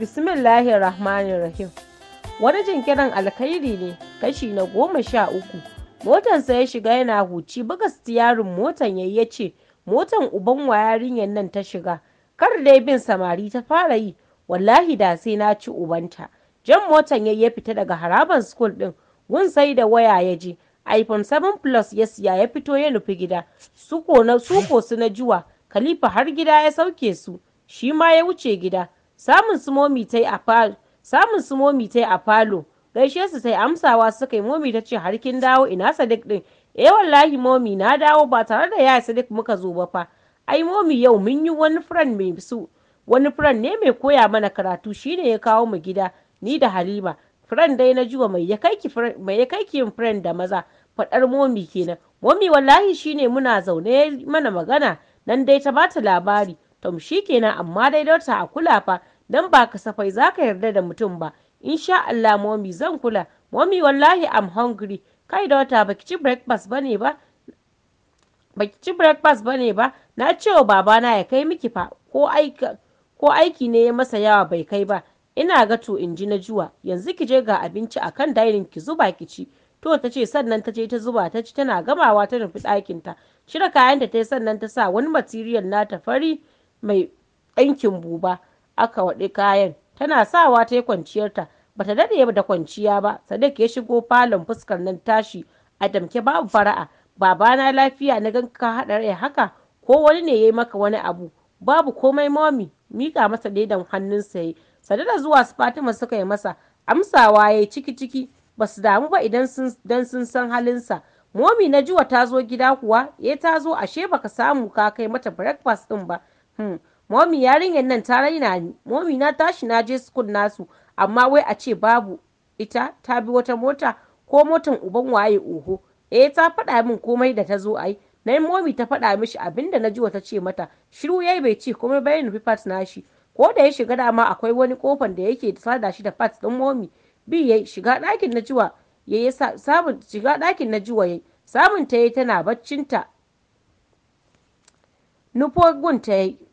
Bismillahir Rahmanir Rahim. Wani jinkirin alkhairi ne kashi na goma sha uku. Motansa ya shiga yana huci buga siyarin motan yayi ya ce motan uban wa yarinyar nan ta shiga. Kar dai bin samari ta fara yi wallahi da sai na ci ubanta. Jan motan yayi ya fita daga haraban school ɗin. gun sai da waya ya je. iPhone 7 Plus ya siya ya fito ya nufi gida. Suko na suko su na juwa Khalifa har gida ya sauke su. Shi ma ya wuce gida. Samun su Momi ta yi a falo gaishe su ta yi amsawa suka yi Momi ta ce har kin dawo ina Sadiq ɗin. Eh wallahi Momi na dawo ba tare da yaya Sadiq muka zo ba fa. Ai Momi yau mun yi wani friend mai su wani friend ne mai koya mana karatu shine ya kawo mu gida ni da Halima. friend dai na jiwa mai ya kai ki yin friend da maza faɗar Momi kenan. Momi wallahi shine muna zaune mana magana nan dai ta bata labari. Tom shi kenan amma dai dauta a kula fa dan ba kasafai za ka yarda da mutum ba. Insha Allah mommy zan kula. Mommy wallahi I'm hungry. Kai daughter baki ci breakfast bane ba? Baki ci breakfast bane ba? Na ce wa babana ya kai miki fa ko aika ko aiki ne ya masa yawa bai kai ba. Ina ga to in na juwa yanzu ki je ga abinci akan kan dainin ki zuba ki ci. To ta ce sannan ta je ta zuba ta ci tana gamawa ta nufi ɗakinta. Cire kayanta ta yi sannan ta sa wani material nata fari mai ɗankin buba. aka waɗi kayan tana sawa ta yi kwanciyarta bata daɗe da kwanciya ba sadiq ya shigo falon fuskar nan tashi a damke babu fara'a babana lafiya na gan ka haɗa rai haka ko wani ne ya yi maka wani abu babu komai Mami, mika masa hannun hannunsa ya sadada zuwa su fatima suka yi masa amsawa ya yi ciki ciki ba su damu ba idan dan sun san halinsa momi na jiwa ta zo gida kuwa ya eh, ta zo ashe baka samu ka kai mata breakfast din ba hmm. Momi yarinyar nan ta raina ni, Momi na tashi na je sukun nasu, amma wai a ce babu ita ta bi wata mota ko motan uban waye oho. Eh ta faɗa min komai da ta zo ai, nan Momi ta faɗa mishi abinda da na ji wata ce mata, shiru yayi bai ce komai bai nufi fat nashi. Ko da ya shiga dama akwai wani kofan da yake da sada shi da fat ɗin Momi, bi yayi shiga ɗakin na jiwa yi samun shiga ɗakin na jiwa yayi. samun ta yi tana baccinta nufogun ta yi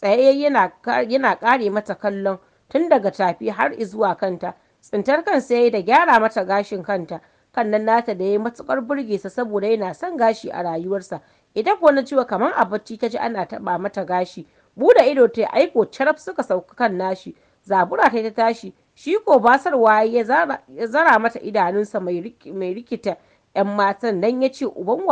tsaye yana ƙare mata kallon tun daga tafi har izuwa kanta tsintar kan ya da gyara mata gashin kanta kan nan nata da ya matukar burge sa saboda yana son gashi a rayuwarsa idan ko na ciwo kamar a bacci ta ji ana taɓa mata gashi buɗe ido ta aiko carab suka sauka kan nashi zabura ta ta tashi shi ko basarwa ya zara mata idanunsa mai rikita 'yan matan nan ya ce uban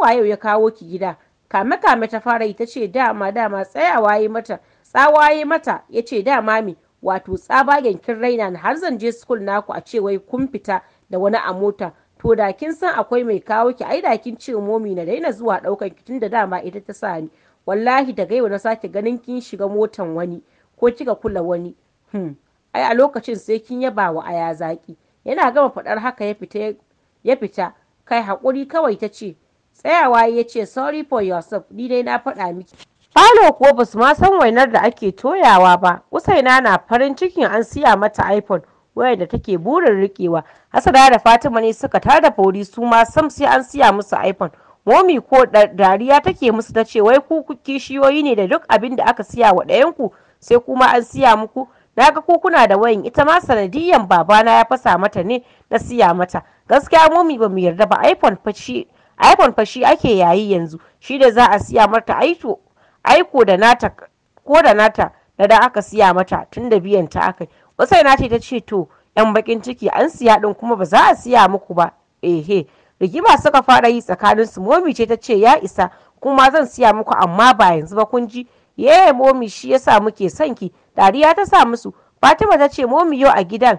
waye ya kawo ki gida kame-kame ta fara yi ta ce dama dama tsayawa yi mata tsawa yi mata ya ce dama me wato tsabagen kin raina na har zan je school naku a ce wai kun fita da wani a mota to da kin san akwai mai kawo ki ai da kin ce momi na daina zuwa daukan ki tunda dama ita ta sa ni wallahi da gaiwa na sake ganin kin shiga motan wani ko kika kula wani hmm ai a lokacin sai kin yaba wa aya zaki yana gama fadar haka ya fita ya fita kai hakuri kawai ta ce tsayawa ya ce sorry for yourself ni dai na faɗa miki Falo kuwa ba ma san wainar da ake toyawa ba. Usaina na farin cikin an siya mata iPhone wayar da take burin rikewa. Hasada da Fatima ne suka da fori su ma sam sai an siya musu iPhone. Momi ko dariya take musu ta ce wai ku kishiyoyi ne da duk abin da aka siya wa ɗayanku sai kuma an siya muku. Na ga kuna da wayan ita ma sanadiyan babana ya fasa mata ne na siya mata. Gaskiya momi ba mu yarda ba iPhone fa iphone fa shi ake yayi yanzu shi da za a siya mata aiko da nata ko da nata da da aka siya mata tun da biyan ta aka wasai na ta ce to yan bakin ciki an siya din kuma ba za a siya muku ba ehe rigima suka fara yi tsakanin su momi ce ta ce ya isa kuma zan siya muku amma ba yanzu ba kun ji ye momi shi yasa muke son ki dariya ta sa musu fatima ta ce momi yau a gidan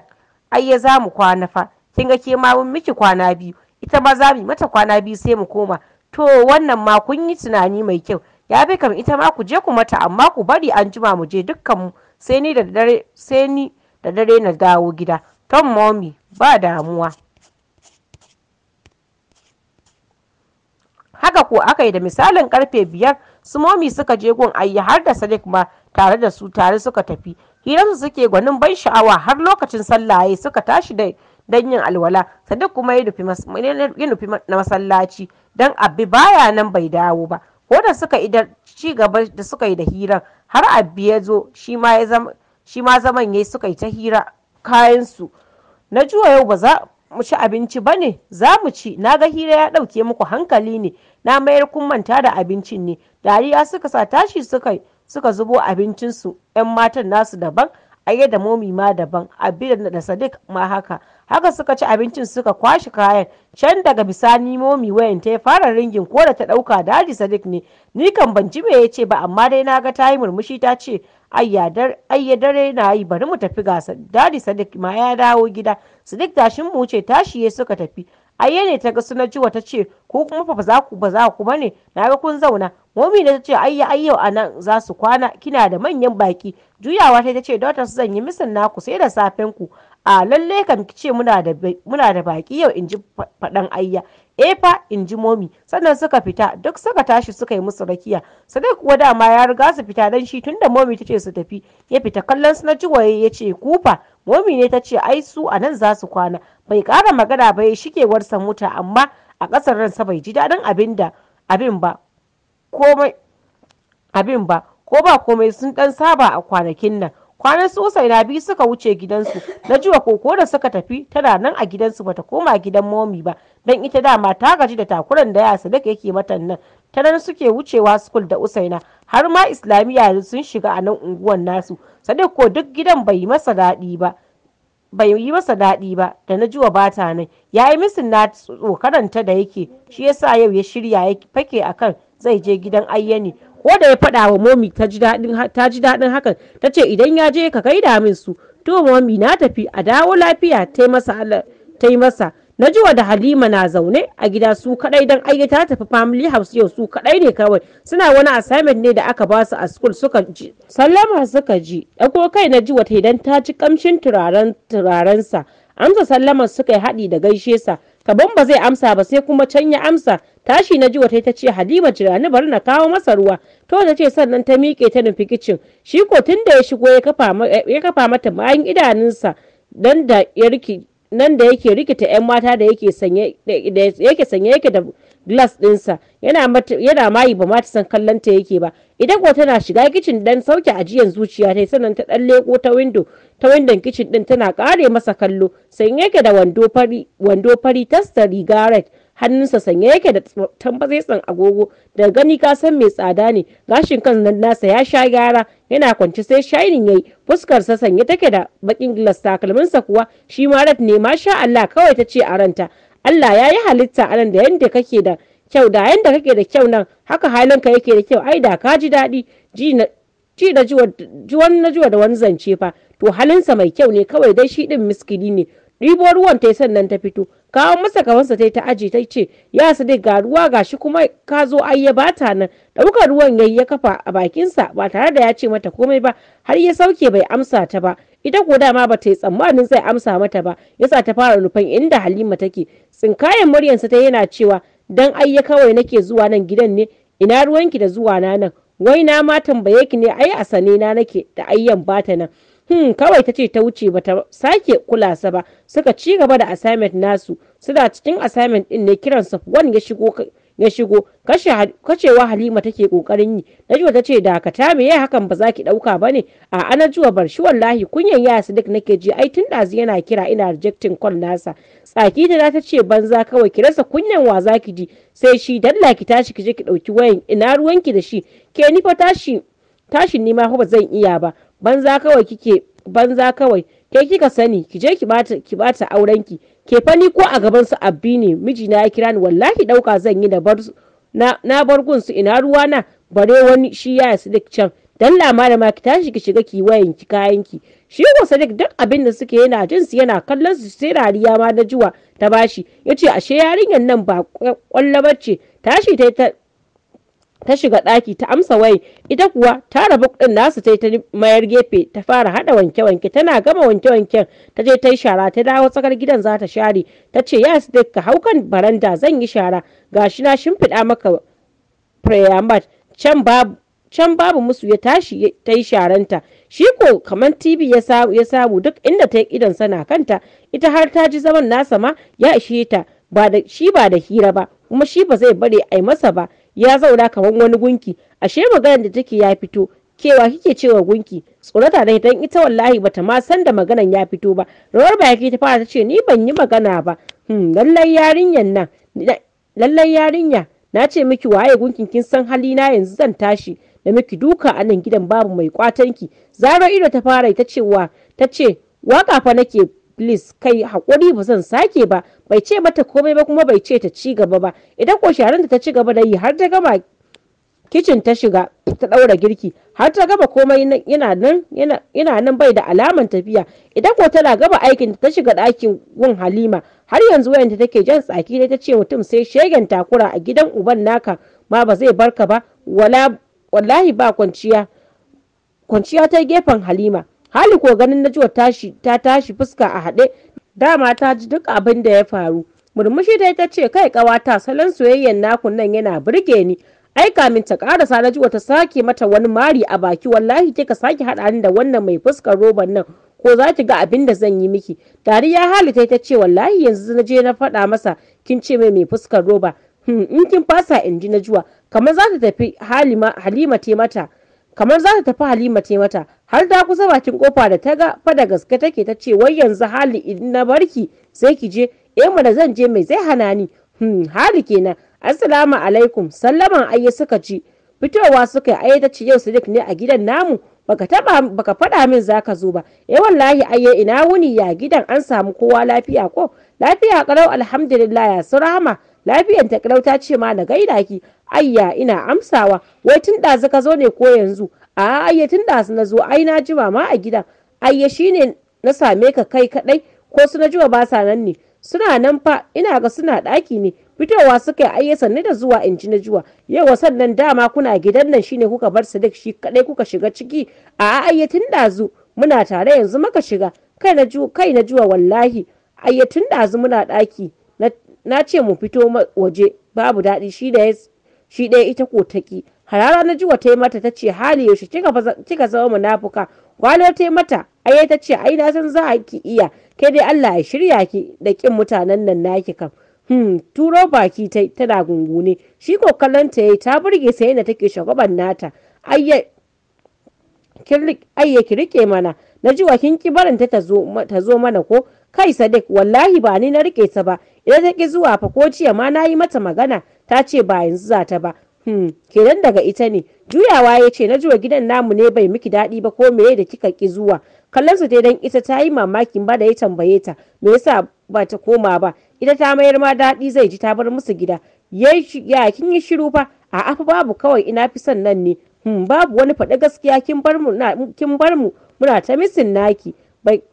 ai ya za mu kwana fa kin ga ke ma miki kwana biyu ita ma za mu mata kwana biyu sai mu koma to wannan ma kun yi tunani mai kyau ya fi kam ita ma ku je ku mata amma ku bari an jima mu je dukkan mu sai ni da dare na dawo gida tom mommy ba damuwa haka ko aka yi da misalin karfe biyar su momi suka je gun ayi har da sadiq ma tare da su tare suka tafi hirarsu suke gwanin ban sha'awa har lokacin sallah suka tashi da don yin alwala Sadik kuma ya nufi na masallaci don abi baya nan bai dawo ba ko da suka yi ci gaba da suka yi da hirar har abi ya zo shi ma zaman ya suka yi ta hira kayansu na juwa yau ba za mu ci abinci ba ne za mu ci na ga hira ya ɗauke muku hankali ne na mayar kun manta da abincin ne dariya suka sa tashi suka suka zubo abincinsu 'yan matan nasu daban a da momi ma daban abi da Sadik ma haka haka suka ci abincin suka kwashi kayan can daga bisani momi wayan ta fara ringin ko da ta dauka daji sadik ne ni kan ban ji me yace ba amma dai na ga ta yi murmushi ta ce ayya dare na yi bari mu tafi gasa daji sadik ma ya dawo gida sadik tashin mu ce tashi ya suka tafi ayye ne ta ga suna jiwa ta ce ko kuma fa za ku ba za ku bane na ga kun zauna momi ne ta ce ayya ayyo a nan za su kwana kina da manyan baki juyawa ta ce dotar zan yi misin naku sai da safen ku a lalle kam ce muna da baki yau in ji faɗan ayya efa eh in ji momi sannan suka fita duk suka tashi suka yi musu rakiya sadiq kuwa dama ya riga su fita dan shi tunda momi ta ce su tafi ya fita kallon su na ji waye ya ce kufa momi ne ta ce ai su a nan za su kwana bai ƙara magana ba ya shigewar sa mota amma a ƙasar ransa bai ji daɗin abin da abin ba komai abin ba ko ba komai sun ɗan saba a kwanakin nan kwanan su na biyu suka wuce gidansu na jiwa koko da suka tafi tana nan a gidansu bata koma gidan momi ba don ita dama ta gaji da takuran da ya sadaka yake matan nan ta nan suke wucewa sukul da usaina har ma islamiyya sun shiga a nan unguwan nasu sadiq ko duk gidan bai yi masa daɗi ba da na jiwa bata nan ya yi musu na tsokaranta da yake shi yasa yau ya shirya ya fake akan zai je gidan ayyani ko da ya faɗa wa momi ta ji daɗin hakan ta ce idan ya je ka gaida min su to momi na tafi a dawo lafiya ta yi masa na da halima na zaune a gida su kadai don ayyata ta tafi family house yau su kadai ne kawai suna wani assignment ne da aka ba su a school suka ji sallama suka ji ɗauko kai na jiwa ta idan ta ci kamshin turaren sa amsa sallamar suka yi haɗi da gaishe sa kaban ba zai amsa ba sai kuma can ya amsa tashi na jiwa ta ce halima jirani bari na kawo masa ruwa to da ce sannan ta miƙe ta nufi kicin shi ko tun da ya shigo ya kafa mata bayan idanunsa nan da yake rikita 'yan mata da yake sanye yake da glass ɗinsa yana mayi ba ma ta san kallon ta yake ba idan ko tana shiga kicin dan sauke ajiyan zuciya ta sannan ta dan leko ta windo ta windon kicin din tana kare masa kallo sai yake da wando fari wando fari tasta riga red hannunsa sanye yake da tambazetsan agogo da gani ka san mai tsada ne gashin kan nasa ya sha gyara yana kwance sai shayin yayi fuskarsa sanye take da bakin gilas takalminsa kuwa shi ma rat ne ma sha Allah kawai ta ce a ranta Allah ya yi halitta anan da yadda kake da kyau da yadda kake da kyau nan haka halinka yake da kyau ai da ka ji daɗi ji da na juwa da wani zance fa to halinsa mai kyau ne kawai dai shi din miskili ne ɗibo ruwan ta sannan ta fito kawo masa gabansa ta ta aji ta ce ya sadiq ga ruwa gashi kuma ka zo ai ya bata nan ɗaukar ruwan yayi ya kafa a bakinsa ba tare da ya ce mata komai ba har ya sauke bai amsa ta ba ita ko dama ba ta yi tsammanin zai amsa mata ba yasa ta fara nufan inda halima take tsinkayen muryarsa ta yana cewa dan ai ya kawai nake zuwa nan gidan ne ina ruwanki da zuwa na nan wai na ma tambaye ki ne ai a sane na nake da ayyan bata nan hmm kawai ta ce ta wuce ba ta sake kulasa ba suka ci gaba da assignment nasu suna cikin assignment din ne kiran Safwan ya shigo ya shigo kacewa halima take kokarin yi najwa ta ce dakata me yayi hakan ba za ki dauka ba ne a anajuwa bar shi wallahi kunyan yaya sadiq nake ji ai tun dazu yana kira ina rejecting call nasa tsaki da ta ce banza kawai ki rasa kunyan wa za ki ji sai shi dalla ki tashi ki je ki dauki wayan ina ruwanki da shi ke ni tashi tashin nima ma ba zan iya ba banza kawai kike banza kawai ke kika sani ki je ki bata ki bata aurenki ke fani ko a gaban su abbi ne mijina ya kira ni wallahi dauka zan yi da bar na na bar gun su ina ruwa na bare wani shi ya yi, Sadiq can dan lama ma ki tashi ki shiga ki wayan ki kayan ki shi ko Sadiq duk abin da suke yana jin su yana kallon su sai rariya ma na juwa ta bashi yace ashe yarinyar nan ba kwallabar ce tashi ta ta shiga ɗaki ta amsa wai ita kuwa ta rabu kuɗin nasu ta ta mayar gefe ta fara hada wanke-wanke tana gama wanke-wanken ta je ta yi shara ta dawo tsakar gidan za ta share ta ce ya su ka hau kan baranda zan yi shara gashi na shimfiɗa maka prayamat can babu can babu musu ya tashi ta yi sharanta shi ko kamar tv ya samu duk inda ta yi idan sana kanta ita har ta ji zaman nasa ma ya ishe ta shi ba da hira ba kuma shi ba zai bari a yi masa ba ya zauna kamar wani gunki ashe maganar da take ya fito kewa kike cewa gunki tsorata dai dan ita wallahi bata ma san da maganan ya fito ba rawar baki ta fara tace ni ban yi magana ba hmm lallai yarinyan nan lallai yarinya na ce miki waye gunkin kin san hali na yanzu zan tashi da miki duka a nan gidan babu mai kwatanki zaro ido ta fara ita cewa ta ce waka fa nake please kai haƙuri ba zan sake ba bai ce mata komai ba kuma bai ce ta ci gaba ba idan ko sharan ta ci gaba da yi har ta gama kicin ta shiga ta ɗaura girki har ta gaba komai yana nan yana nan bai da alaman tafiya idan ko tana gaba aikin ta shiga ɗakin gun halima har yanzu wayanta take jan tsaki dai ta ce mutum sai shegen takura a gidan uban naka ma ba zai barka ba wallahi ba kwanciya kwanciya ta gefen halima hali ko ganin najuwa tashi ta tashi fuska a haɗe dama ta ji duk abin da ya faru murmushi dai ta ce kai ƙawata salon soyayyen nakun nan yana burge ni ai kamin ta karasa na jiwa ta sake mata wani mari a baki wallahi kika sake haɗa ni da wannan mai fuskar roban nan ko za ki ga abin da zan yi miki dariya halita ta ce wallahi yanzu na je na faɗa masa kin ce mai mai fuskar roba hmm, in kin fasa in ji na kamar za ta tafi halima te mata kamar za ta tafi halima ce mata har da kusa bakin kofa da ta ga fada gaske take ta ce wai yanzu hali idan na barki sai ki je eh da zan je mai zai hana ni hmm, hali kenan assalamu alaikum sallaman ayye suka ci fitowa suka yi ayye ta ce yau sadiq ne a gidan namu baka taba baka faɗa min za ka zo ba eh wallahi ayye ina wuni ya gidan an samu kowa lafiya ko lafiya karau alhamdulillah ya surama lafiyan ta kalau ta ce ma na gaida ki ayya ina amsawa wai tun ɗazu ka zo ne ko yanzu a ayya tun nazo, na zo ai na jima ma a gidan ayya shine na same ka kai kaɗai ko su na ba sa nan ne suna nan fa ina ga suna ɗaki ne fitowa suka yi ayya sanne da zuwa in ji na juwa yau sannan dama kuna gidan nan shine kuka bar sadiq shi kaɗai kuka shiga ciki a ayya tun zu muna tare yanzu maka shiga kai na ju kai na juwa wallahi ayya tun zu muna ɗaki na ce mu fito waje babu daɗi shi da shi ɗaya ita ko ta ki harara na jiwa ta yi mata ta ce hali yaushe kika zama munafuka kwanar ta yi mata ai ta ce ai na san za a ki iya kai dai Allah ya shirya ki da kin mutanen nan naki kam hmm turo baki ta tana gungune shi ko kallon ta yayi ta burge sai da take shugaban nata ayya ki rike mana na jiwa kin ki barin ta ta zo mana ko kai sadik wallahi ba ni na rike ta ba idan ta ki zuwa fa ko jiya ma na yi mata magana ta ce ba yanzu za ta ba hmm kenan daga ita ne juyawa ya ce na juwa gidan namu ne bai miki daɗi ba ko meye da kika ki zuwa kallon su dai dan ita ta yi mamakin ba da ya tambaye ta me yasa ba ta koma ba ita ta mayar ma daɗi zai ji ta bar musu gida ya kin yi shiru fa a afa babu kawai ina fi son nan ne hmm, babu wani faɗi gaskiya kin bar mu muna ta misin naki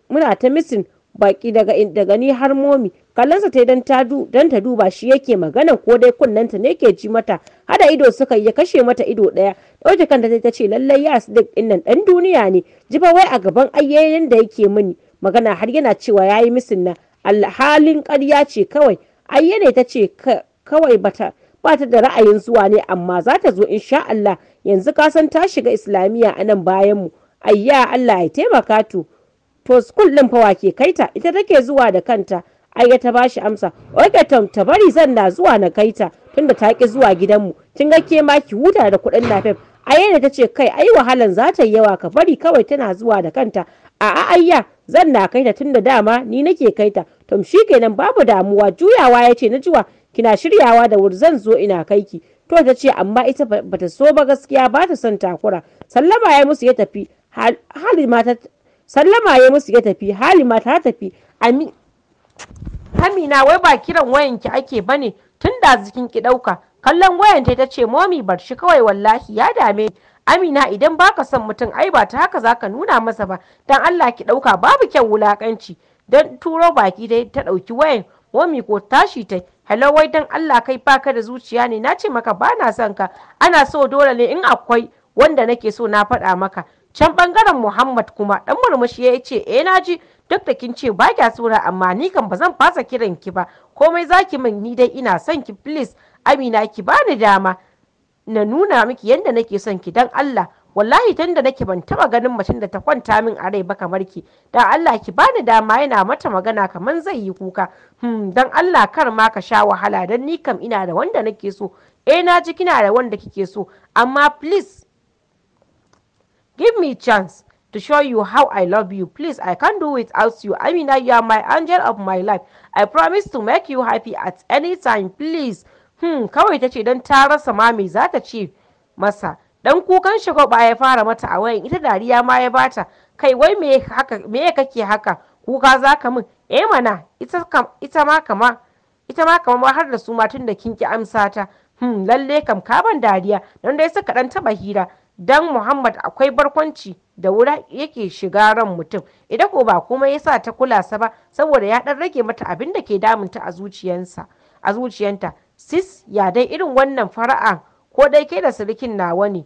muna ta misin baki daga daga ni har momi kallonsa ta dan ta dan ta duba shi yake magana ko dai kunnanta ne ke ji mata hada ido suka ya kashe mata ido daya dauke kanta ta ce lallai ya duk dinnan dan duniya ne jiba wai a gaban ayyayen da yake mini magana har yana cewa yayi misin na halin ƙarya ce kawai ayyane ta ce kawai bata bata da ra'ayin zuwa ne amma za ta zo insha Allah yanzu ka san ta shiga islamiyya anan bayan mu ayya Allah ya taimaka to to ɗin din fa wake kaita ita take zuwa da kanta ai ta bashi amsa oke ta bari zan na zuwa na kaita tunda ta ki zuwa gidanmu kin ga ke ma ki huta da kuɗin nafef a yadda ta ce kai ai wahalan za ta yi yawa ka bari kawai tana zuwa da kanta a ayya zan na kaita tunda dama ni nake kaita tom kenan babu damuwa juyawa yace na juwa kina shiryawa da wuri zan zo ina kaiki to ta ce amma ita bata so ba gaskiya ba ta son takura sallama ya musu ya tafi hali ma sallama ya musu ya tafi halima ta tafi amina wai ba kiran wayanki ake bane tun da zikin ki dauka kallon wayan ta ce momi bar shi kawai wallahi ya dame amina idan baka son mutum ai ba ta haka zaka nuna masa ba dan allah ki ɗauka babu kyan wulakanci dan turo baki dai ta ɗauki wayan momi ko tashi ta hello wai dan allah kai baka da zuciya ne nace maka bana son ka ana so dole ne in akwai wanda nake so na faɗa maka can bangaren muhammad kuma dan murmushi ya ce eh na ji duk da kin ce ba kya tsura amma ni kan ba zan fasa kiran ki ba komai zaki min ni dai ina son ki please amina ki bani dama na nuna miki yadda nake son ki dan allah wallahi tunda nake ban taba ganin mutum da ta kwanta min a rai ba kamar ki dan Allah ki bani dama yana mata magana kamar zai yi kuka hmm dan Allah kar ma ka sha wahala dan ni kam ina da wanda nake so eh na ji kina da wanda kike so amma please Give me chance to show you how I love you. Please, I can't do without you. Amina, you are my angel of my life. I promise to make you happy at any time. Please. Hmm, kawai ta ce don ta rasa mami za ta ce masa. Dan kukan shagwaba ya fara mata a wayan ita dariya ma ya bata. Kai wai me kake haka? Kuka za ka min? Eh mana, ita ma kama ita ma kamar har da su matun da kinki amsa ta. Hmm, lalle kam ka ban dariya, don dai suka dan taba hira. dan Muhammad akwai barkwanci da wuri yake shiga ran mutum idan ko ba ya sa ta kula sa ba saboda ya dan rage mata abin da ke damunta a zuciyarsa a zuciyanta sis ya dai irin wannan fara'a ko dai ke da sirikin nawa ne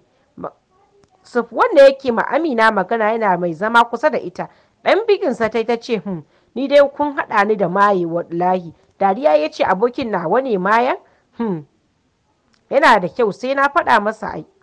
suf wanda yake ma Amina magana yana mai zama kusa da ita dan biginsa ta ta ce hmm ni dai kun haɗa ni da maye wallahi dariya ya ce abokin nawa ne mayan hmm yana da kyau sai na faɗa masa ai